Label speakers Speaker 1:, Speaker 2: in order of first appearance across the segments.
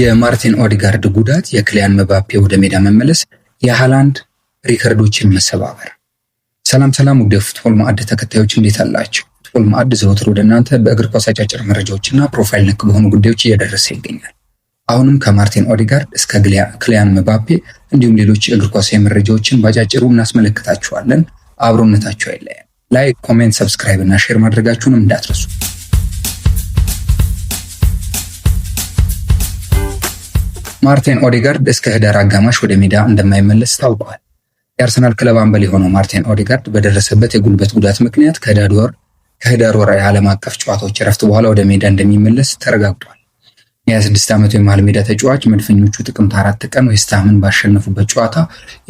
Speaker 1: የማርቲን ኦዲጋርድ ጉዳት፣ የክሊያን መባፔ ወደ ሜዳ መመለስ፣ የሃላንድ ሪከርዶችን መሰባበር። ሰላም ሰላም፣ ወደ ፉትቦል ማዕድ ተከታዮች እንዴት አላችሁ? ፉትቦል ማዕድ ዘወትር ወደ እናንተ በእግር ኳስ አጫጭር መረጃዎችና ፕሮፋይል ነክ በሆኑ ጉዳዮች እየደረሰ ይገኛል። አሁንም ከማርቲን ኦዲጋርድ እስከ ክሊያን መባፔ እንዲሁም ሌሎች እግር ኳሳዊ መረጃዎችን ባጫጭሩ እናስመለከታችኋለን። አብሮነታችሁ አይለያል። ላይክ፣ ኮሜንት፣ ሰብስክራይብ እና ሼር ማድረጋችሁንም እንዳትረሱ። ማርቲን ኦዲጋርድ እስከ ህዳር አጋማሽ ወደ ሜዳ እንደማይመለስ ታውቋል። የአርሰናል ክለብ አምበል የሆነው ማርቲን ኦዲጋርድ በደረሰበት የጉልበት ጉዳት ምክንያት ከህዳር ወር የዓለም አቀፍ ጨዋታዎች እረፍት በኋላ ወደ ሜዳ እንደሚመለስ ተረጋግጧል። የ26 ዓመቱ የመሃል ሜዳ ተጫዋች መድፈኞቹ ጥቅምት አራት ቀን ዌስትሃምን ባሸነፉበት ጨዋታ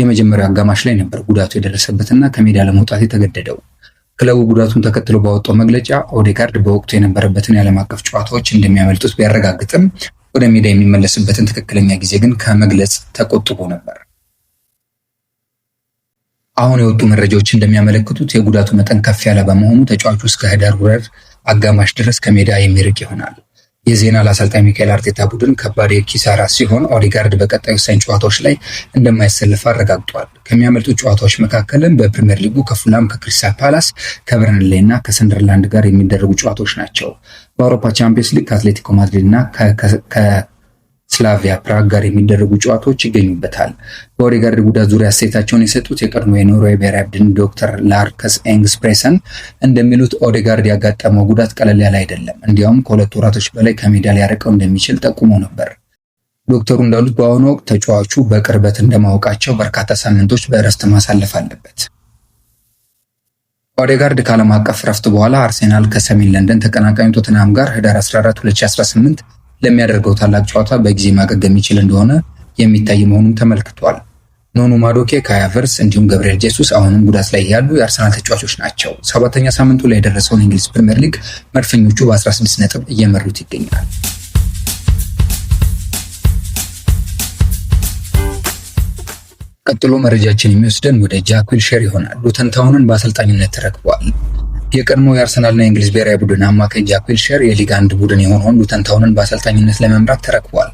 Speaker 1: የመጀመሪያው አጋማሽ ላይ ነበር ጉዳቱ የደረሰበትና ከሜዳ ለመውጣት የተገደደው። ክለቡ ጉዳቱን ተከትሎ ባወጣው መግለጫ ኦዴጋርድ በወቅቱ የነበረበትን የዓለም አቀፍ ጨዋታዎች እንደሚያመልጡት ቢያረጋግጥም ወደ ሜዳ የሚመለስበትን ትክክለኛ ጊዜ ግን ከመግለጽ ተቆጥቦ ነበር። አሁን የወጡ መረጃዎች እንደሚያመለክቱት የጉዳቱ መጠን ከፍ ያለ በመሆኑ ተጫዋቹ እስከ ህዳር ወር አጋማሽ ድረስ ከሜዳ የሚርቅ ይሆናል። የዜና ላሰልጣኝ ሚካኤል አርቴታ ቡድን ከባድ የኪሳራ ሲሆን ኦዲጋርድ በቀጣይ ወሳኝ ጨዋታዎች ላይ እንደማይሰልፍ አረጋግጧል። ከሚያመልጡ ጨዋታዎች መካከልም በፕሪምየር ሊጉ ከፉላም፣ ከክሪስታል ፓላስ፣ ከበርንሌ እና ከሰንደርላንድ ጋር የሚደረጉ ጨዋታዎች ናቸው። በአውሮፓ ቻምፒየንስ ሊግ ከአትሌቲኮ ማድሪድ እና ስላቪያ ፕራግ ጋር የሚደረጉ ጨዋታዎች ይገኙበታል። በኦዴጋርድ ጉዳት ዙሪያ አስተያየታቸውን የሰጡት የቀድሞ የኖርዌይ ብሔራዊ ቡድን ዶክተር ላርከስ ፕሬሰን እንደሚሉት ኦዴጋርድ ያጋጠመው ጉዳት ቀለል ያለ አይደለም። እንዲያውም ከሁለት ወራቶች በላይ ከሜዳ ሊያርቀው እንደሚችል ጠቁሞ ነበር። ዶክተሩ እንዳሉት በአሁኑ ወቅት ተጫዋቹ በቅርበት እንደማወቃቸው በርካታ ሳምንቶች በእረፍት ማሳለፍ አለበት። ኦዴጋርድ ከዓለም አቀፍ እረፍት በኋላ አርሴናል ከሰሜን ለንደን ተቀናቃኝ ቶትናም ጋር ህዳር 14 2018 ለሚያደርገው ታላቅ ጨዋታ በጊዜ ማገገም ይችል እንደሆነ የሚታይ መሆኑን ተመልክቷል። ኖኑ ማዶኬ፣ ካያ እንዲሁም ገብርኤል ጄሱስ አሁንም ጉዳት ላይ ያሉ የአርሰናል ተጫዋቾች ናቸው። ሰባተኛ ሳምንቱ ላይ የደረሰውን እንግሊዝ ፕሪምየር ሊግ መድፈኞቹ በ16 ነጥብ እየመሩት ይገኛል። ቀጥሎ መረጃችን የሚወስደን ወደ ጃክዊል ሼር ይሆናል። ሉተንታውንን በአሰልጣኝነት ተረክቧል። የቀድሞ የአርሰናልና የእንግሊዝ ብሔራዊ ቡድን አማካኝ ጃክ ዊልሸር የሊግ አንድ ቡድን የሆነውን ሉተን ታውንን በአሰልጣኝነት ለመምራት ተረክቧል።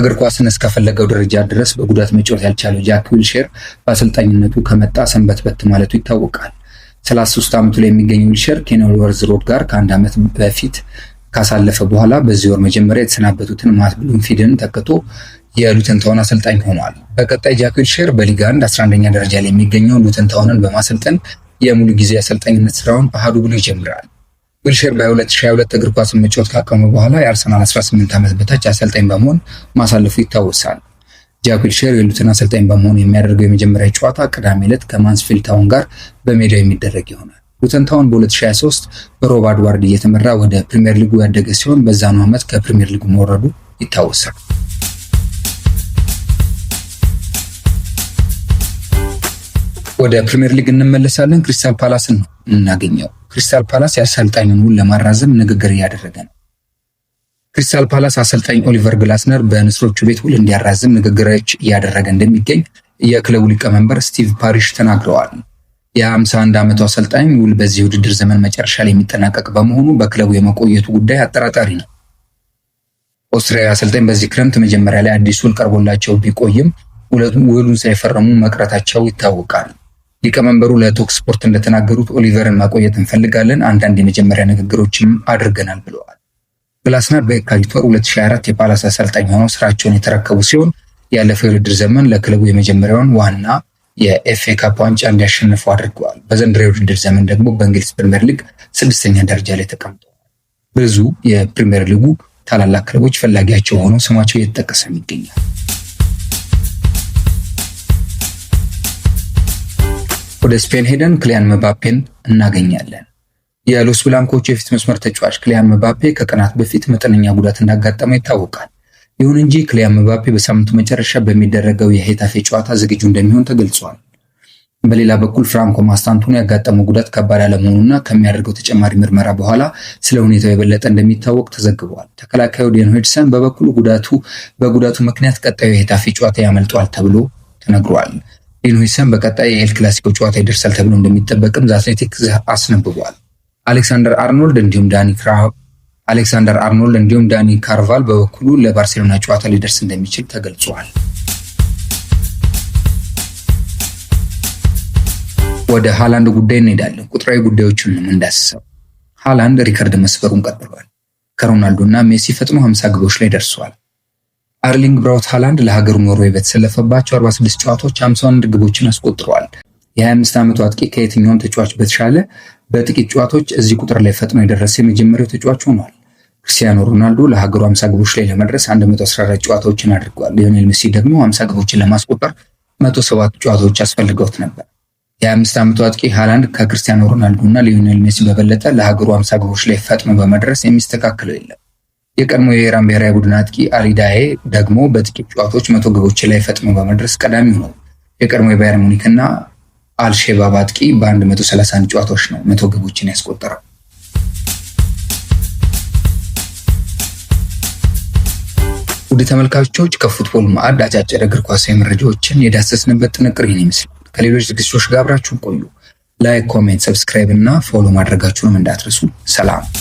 Speaker 1: እግር ኳስን እስከፈለገው ደረጃ ድረስ በጉዳት መጫወት ያልቻለው ጃክ ዊልሸር በአሰልጣኝነቱ ከመጣ ሰንበትበት ማለቱ ይታወቃል። 33 ዓመቱ ላይ የሚገኘው ዊልሸር ከkenilworth ሮድ ጋር ከአንድ ዓመት በፊት ካሳለፈ በኋላ በዚህ ወር መጀመሪያ የተሰናበቱትን ማት ብሉምፊልድን ተክቶ የሉተን ታውን አሰልጣኝ ሆኗል። በቀጣይ ጃክ ዊልሸር በሊግ አንድ 11ኛ ደረጃ ላይ የሚገኘው ሉተን ታውንን በማሰልጠን የሙሉ ጊዜ አሰልጣኝነት ስራውን በአህዱ ብሎ ይጀምራል። ዊልሼር በ2022 እግር ኳስ መጫወት ካቀሙ በኋላ የአርሰናል 18 ዓመት በታች አሰልጣኝ በመሆን ማሳለፉ ይታወሳል። ጃክ ዊልሼር አሰልጣኝ በመሆን የሚያደርገው የመጀመሪያ ጨዋታ ቅዳሜ ዕለት ከማንስፊልድ ታውን ጋር በሜዳው የሚደረግ ይሆናል። ሉተን ታውን በ2023 በሮብ አድዋርድ እየተመራ ወደ ፕሪምየር ሊጉ ያደገ ሲሆን በዛኑ ዓመት ከፕሪምየር ሊጉ መውረዱ ይታወሳል። ወደ ፕሪምየር ሊግ እንመለሳለን። ክሪስታል ፓላስን ነው እናገኘው። ክሪስታል ፓላስ የአሰልጣኙን ውል ለማራዘም ንግግር እያደረገ ነው። ክሪስታል ፓላስ አሰልጣኝ ኦሊቨር ግላስነር በንስሮቹ ቤት ውል እንዲያራዝም ንግግሮች እያደረገ እንደሚገኝ የክለቡ ሊቀመንበር ስቲቭ ፓሪሽ ተናግረዋል። የ51 ዓመቱ አሰልጣኝ ውል በዚህ ውድድር ዘመን መጨረሻ ላይ የሚጠናቀቅ በመሆኑ በክለቡ የመቆየቱ ጉዳይ አጠራጣሪ ነው። ኦስትሪያዊ አሰልጣኝ በዚህ ክረምት መጀመሪያ ላይ አዲስ ውል ቀርቦላቸው ቢቆይም ውሉን ሳይፈረሙ መቅረታቸው ይታወቃል። ሊቀመንበሩ ለቶክ ስፖርት እንደተናገሩት ኦሊቨርን ማቆየት እንፈልጋለን፣ አንዳንድ የመጀመሪያ ንግግሮችም አድርገናል ብለዋል። ግላስነር በየካቲት ወር 2024 የፓላስ አሰልጣኝ ሆነው ስራቸውን የተረከቡ ሲሆን ያለፈው የውድድር ዘመን ለክለቡ የመጀመሪያውን ዋና የኤፍኤ ካፕ ዋንጫ እንዲያሸንፉ አድርገዋል። በዘንድሮ የውድድር ዘመን ደግሞ በእንግሊዝ ፕሪምየር ሊግ ስድስተኛ ደረጃ ላይ ተቀምጠዋል። ብዙ የፕሪምየር ሊጉ ታላላቅ ክለቦች ፈላጊያቸው ሆነው ስማቸው እየተጠቀሰም ይገኛል። ወደ ስፔን ሄደን ክሊያን መባፔን እናገኛለን። የሎስ ብላንኮች የፊት መስመር ተጫዋች ክሊያን መባፔ ከቀናት በፊት መጠነኛ ጉዳት እንዳጋጠመው ይታወቃል። ይሁን እንጂ ክሊያን መባፔ በሳምንቱ መጨረሻ በሚደረገው የሄታፌ ጨዋታ ዝግጁ እንደሚሆን ተገልጿል። በሌላ በኩል ፍራንኮ ማስታንቱኖ ያጋጠመው ጉዳት ከባድ አለመሆኑና ከሚያደርገው ተጨማሪ ምርመራ በኋላ ስለ ሁኔታው የበለጠ እንደሚታወቅ ተዘግበዋል። ተከላካዩ ዴን ሄድሰን በበኩሉ ጉዳቱ በጉዳቱ ምክንያት ቀጣዩ የሄታፌ ጨዋታ ያመልጧል ተብሎ ተነግሯል። ዲኖይሰን በቀጣይ የኤል ክላሲኮ ጨዋታ ይደርሳል ተብሎ እንደሚጠበቅም ዘአትሌቲክ አስነብቧል። አሌክሳንደር አርኖልድ እንዲሁም ዳኒ አሌክሳንደር አርኖልድ እንዲሁም ዳኒ ካርቫል በበኩሉ ለባርሴሎና ጨዋታ ሊደርስ እንደሚችል ተገልጿል። ወደ ሃላንድ ጉዳይ እንሄዳለን። ቁጥራዊ ጉዳዮቹንም እንዳስሰው ሃላንድ ሪከርድ መስበሩን ቀጥሏል። ከሮናልዶ እና ሜሲ ፈጥኖ 50 ግቦች ላይ ደርሷል። አርሊንግ ብራውት ሃላንድ ለሀገሩ ኖርዌይ በተሰለፈባቸው 46 ጨዋታዎች 51 ግቦችን አስቆጥረዋል። የ25 ዓመቱ አጥቂ ከየትኛውም ተጫዋች በተሻለ በጥቂት ጨዋታዎች እዚህ ቁጥር ላይ ፈጥኖ የደረሰ የመጀመሪያው ተጫዋች ሆኗል። ክርስቲያኖ ሮናልዶ ለሀገሩ 50 ግቦች ላይ ለመድረስ 114 ጨዋታዎችን አድርጓል። ሊዮኔል ሜሲ ደግሞ 50 ግቦችን ለማስቆጠር 107 ጨዋታዎች አስፈልገውት ነበር። የ25 ዓመቱ አጥቂ ሃላንድ ከክርስቲያኖ ሮናልዶ እና ሊዮኔል ሜሲ በበለጠ ለሀገሩ 50 ግቦች ላይ ፈጥኖ በመድረስ የሚስተካከለው የለም። የቀድሞ የኢራን ብሔራዊ ቡድን አጥቂ አሪዳዬ ደግሞ በጥቂት ጨዋታዎች መቶ ግቦች ላይ ፈጥኖ በመድረስ ቀዳሚ ነው። የቀድሞ የባየር ሙኒክ እና አልሼባብ አጥቂ በ131 ጨዋታዎች ነው መቶ ግቦችን ያስቆጠረው። ውድ ተመልካቾች ከፉትቦል ማዕድ አጫጭር እግር ኳሳዊ መረጃዎችን የዳሰስንበት ጥንቅር ይህን ይመስላል። ከሌሎች ዝግጅቶች ጋር አብራችሁን ቆዩ። ላይክ፣ ኮሜንት፣ ሰብስክራይብ እና ፎሎ ማድረጋችሁንም እንዳትረሱ። ሰላም